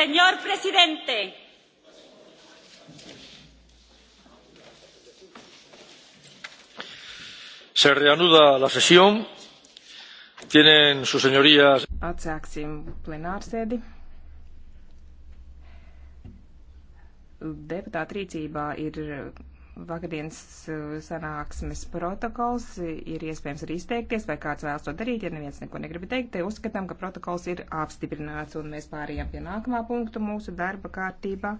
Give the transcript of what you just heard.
Señor presidente. Se reanuda la sesión. Tienen sus señorías. Atsāksim plenārsēdi. Deputāta rīcībā ir vakardienas eh, sanāksmes protokols ir iespējams arī izteikties, vai kāds vēlas to darīt, ja neviens neko negrib teikt, te uzskatām, ka protokols ir apstiprināts, un mēs pārējām pie nākamā punktu mūsu darba kārtībā.